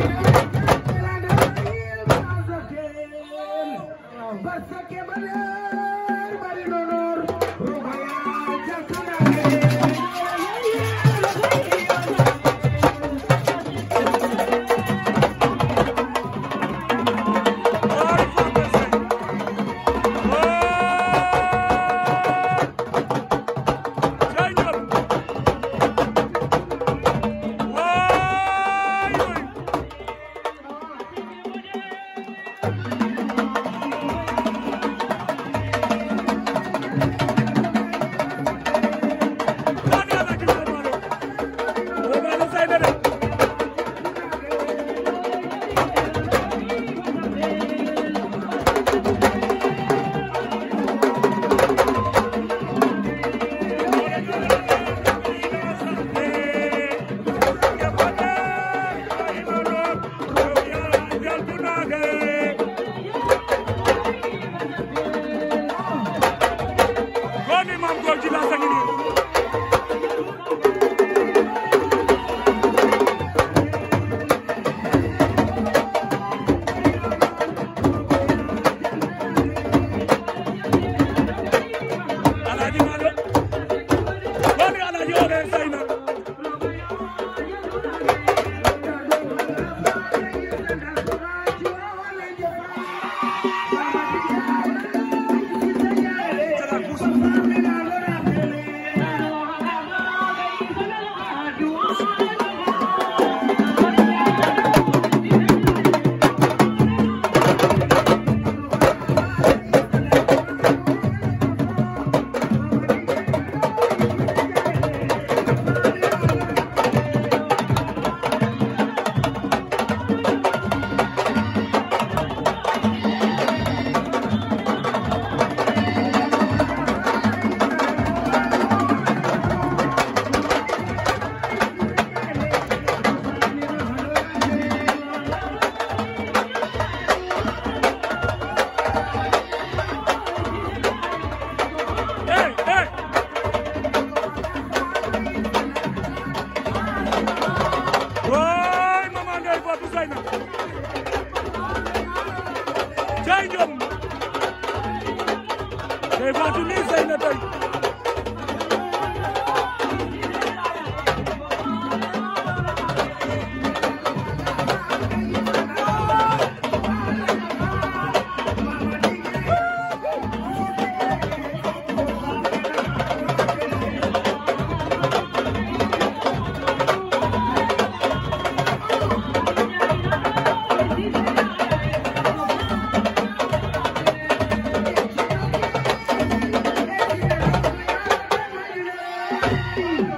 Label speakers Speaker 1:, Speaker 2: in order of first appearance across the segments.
Speaker 1: うん。
Speaker 2: Música hum.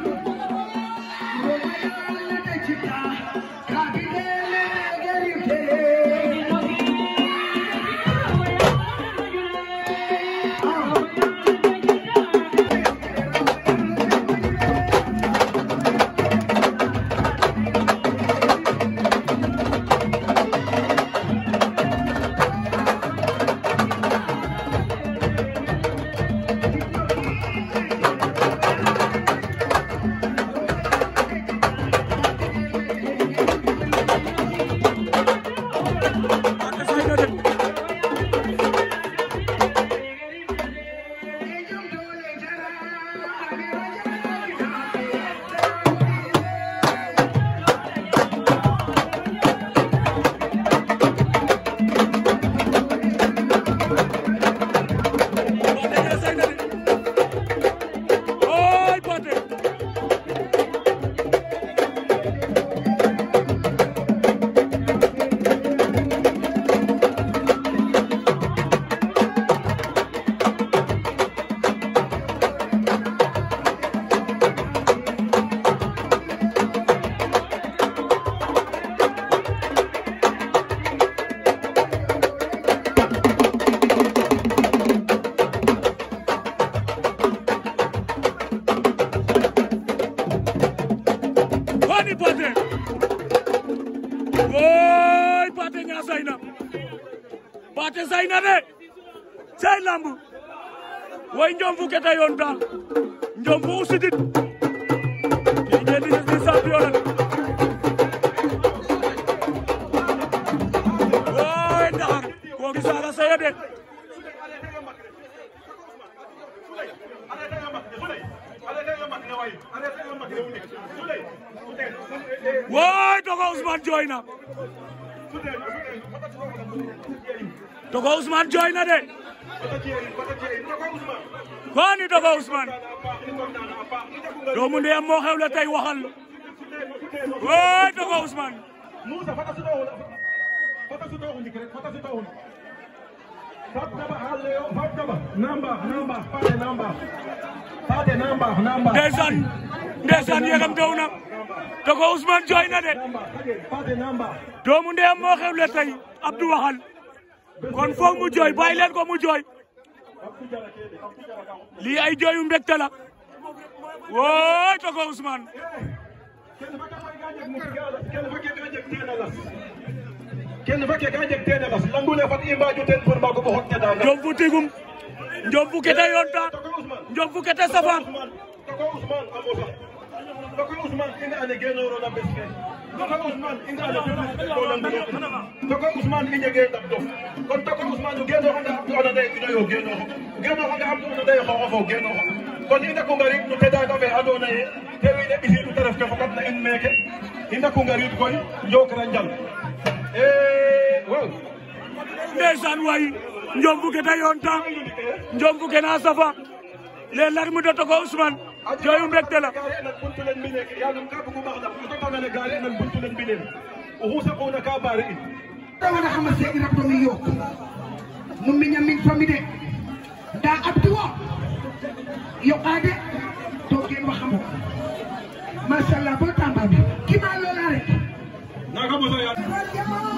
Speaker 1: way Njombu ke tayoon daal Njombu u sidit ke ngeen di di champion ak way ndaxar koo gi saaga saya de way togo Ousmane jooy na togo Ousmane de Koni Dogo Ousmane
Speaker 3: doomu ndeyam moo xew tey waxal wooy Dogo Ousmane ndeysaan
Speaker 1: ndeysaan yegam daw na Dogo Ousmane jooy na de doomu ndeyam moo xew la tey Abdou waxal kon foog mu jooy bàyyi leen ko mu jooy lii ay jooyu mbégte la wooy
Speaker 3: togo Ousmane kenn fake ka jeg ten alas langule fat i mbaju ten pour mbago ɓoxot keta njom fu tigum
Speaker 1: njom fu kete yoonta njom fu kete safaan
Speaker 3: a mosa togo toko Ousmane i nga ale ten toko Ousmane i njege ndam a kon toko Ousmane o genoxanga xam to anda ye ino yo genoxo o genoxanga xam to anda ye xooxof o genoxo kon i ndako ngarid no andoona yee te wiin we ɓisiidu ref ke fokatna in meeke i ndako ngarid koy njookira njal waaw ndeysaan
Speaker 1: waay njombu ke ta yoonta njombu ke na safa les larmes de toko Ousmane jooyu mbégte la gonale gaare nan buntulen mbinen o huusaquna
Speaker 3: ka baare in wona hama seeɗira tomi yo mum miñam min tomi de
Speaker 2: nda abdi o yoqade to gen waxamo machallah bo tambaɓe kima lola rek
Speaker 3: naga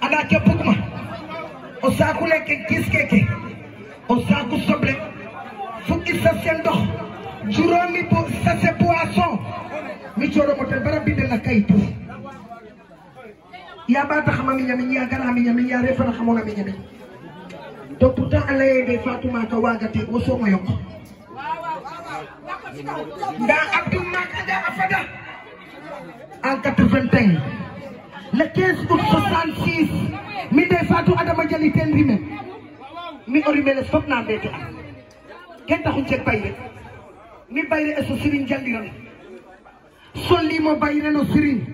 Speaker 2: adake pugma o saaku lekke gis keke o saaku soble fukki sase ndox juróomi bu sase poisson mi cooɗomo ten bara mbindena kayitu yaɓata xama miña miñ yagana miña miñ ya refana xamona miña miñ to pourtant a leyede fatuma ka wagate wo sooma yok nda abdou mak a fada en 81 le 15 août 66 min de Fatou Adama Diali ten rimem mi o rimeles fop na mbete am ten taxu jeg bayre mi bayre eso Serigne jaliran solimo bayre no Serigne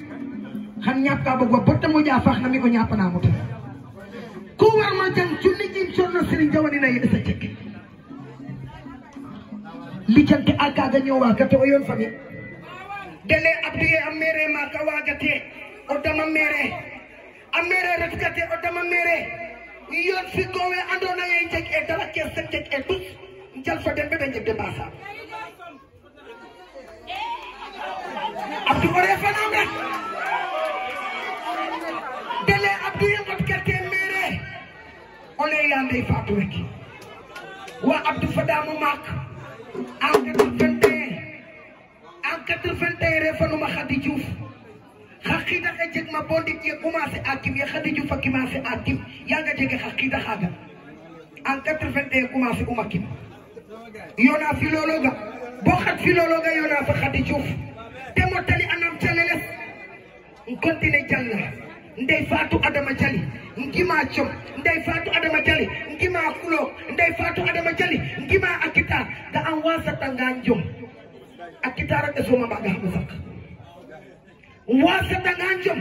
Speaker 2: xan ñaap ka bëgg wa bota moƴa faax na mi o ñapanamo ten ku warma jang cunni jim sonno Serigne jawanina yeɗesa cek lijante a kaga ñowa gate o yoon fami dele abdiye a mere ma ka waga te odama mere a mere refkate odama mere yon sikowe andona ye jeg e dara ke sen jeg e tus njal fo den bebe njebde basa
Speaker 1: abdou ore fanam rek
Speaker 2: dele abdou yamot kerte mere ole yande fatou rek wa abdou fadamu mak en 81 en 81 refanuma khadi diouf hakida ka jeg ma bo ndik ye commencé akim ye khadi jufa commencé akim ya nga jege hakida khaga en 81 commencé umakim yona filologa bo khat filologa yona fa khadi juf te motali anam chalele continue jalla ndey fatu adama jali ngima chom ndey fatu adama jali ngima kulo ndey fatu adama jali ngima akita da an wasa tanganjom akita raka so ma baga hamzaka waasata ngaa njëm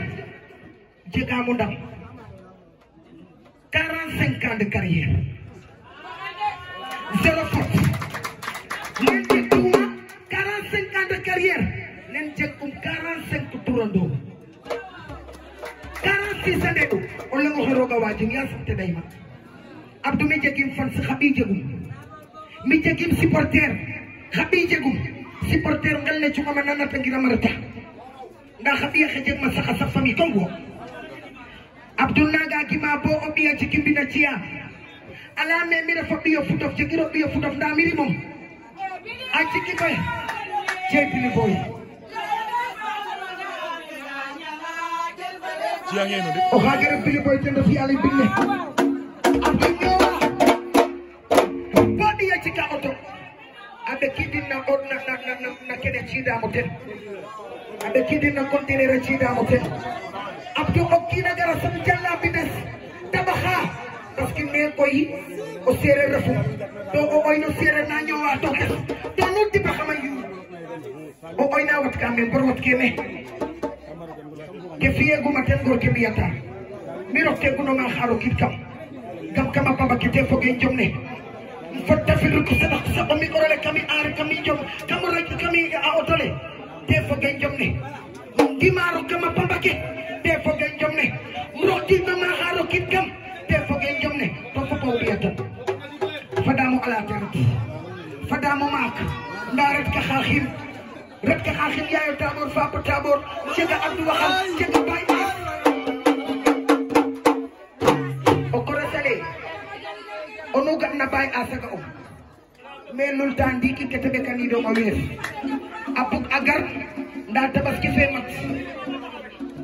Speaker 2: jegaamu ndam quarante cinq ans de carrière zéro faute cinq ans de nen jegum quarante cinq turandoo quarante six ane ɗo o langoxe rooga waajum yaa sabte dayma abdou mi jegim fans xaɓi jegum mi jegim supporter xaɓi jegum supporter ngel ne cungama nanata ngiram a reta nga xabiya xeje masaka safami kongo abdullaga gima bo o biya cikimbina ciya ala me mira fo biyo futof cigiro biyo futof nda miri mom a cikiɓe ceytini boy o xaaga ref bili boy ten ref yalay binne abdu ñowa bo ɗiya cika oto a ɓe kidin na na kene ciidamo ten aɓe na continére ciidamo ken abdu o kiina gara sam jallaɓe ɓes daba ha par ce que mais o séeréer na ñowa to es to nu diba xama yu o ɓoyna wat ka men bor wat ke me ke fiyeguma ten gor ke mbiyata mi rok ke gunonga xaaro kiid kam kam kama paba ke te foge jom ne fodda fi ruku saɗa saɗa mi orole kami aare kami jom kam rek kami a otole tefoge jomne ndimaro kama pambake tefoge jomne rokkima ma ha rokkit kam tefoge jomne to fopo wiya tan fadamo ala terati fadamo maak nda ret ka xaxim ret ka xaxim yayo tabor fapa tabor cega abdou waxam cega bay o korosale onu gatna bay a saga um mais lolta ndiki ke teɓe kaniɗoma apuk agar data basket gar Totele tabaski fe mat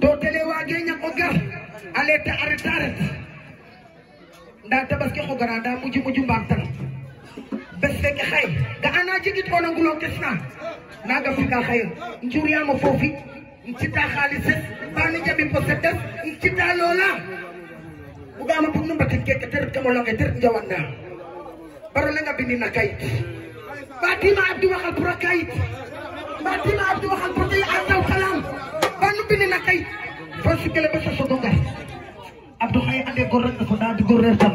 Speaker 2: to tele wage ñak o gar a leta a reta ret nda tabaski xo gara nda muju muju mbaag tan bes feke xaye ya, ga'ana jegit ona ngulong kesna naga fika xaye njuriyamo foofi um cita xaalis es mbano jaɓin po setes um cita loola bugaama bug nu mbatin keke te ret kam o longe te ret baro na nga bind na kayit ba dima abdi waxal pour a kayit ba dima abdi waxal pour tey ardaw kalam ba nu bind na kayit fo sikele ba soso donga abdou xaye ande gor rek na fo na di gor reer tam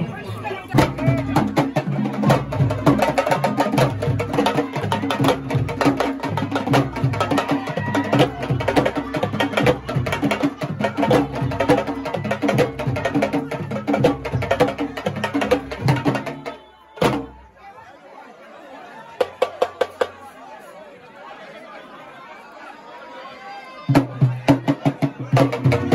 Speaker 2: Thank you.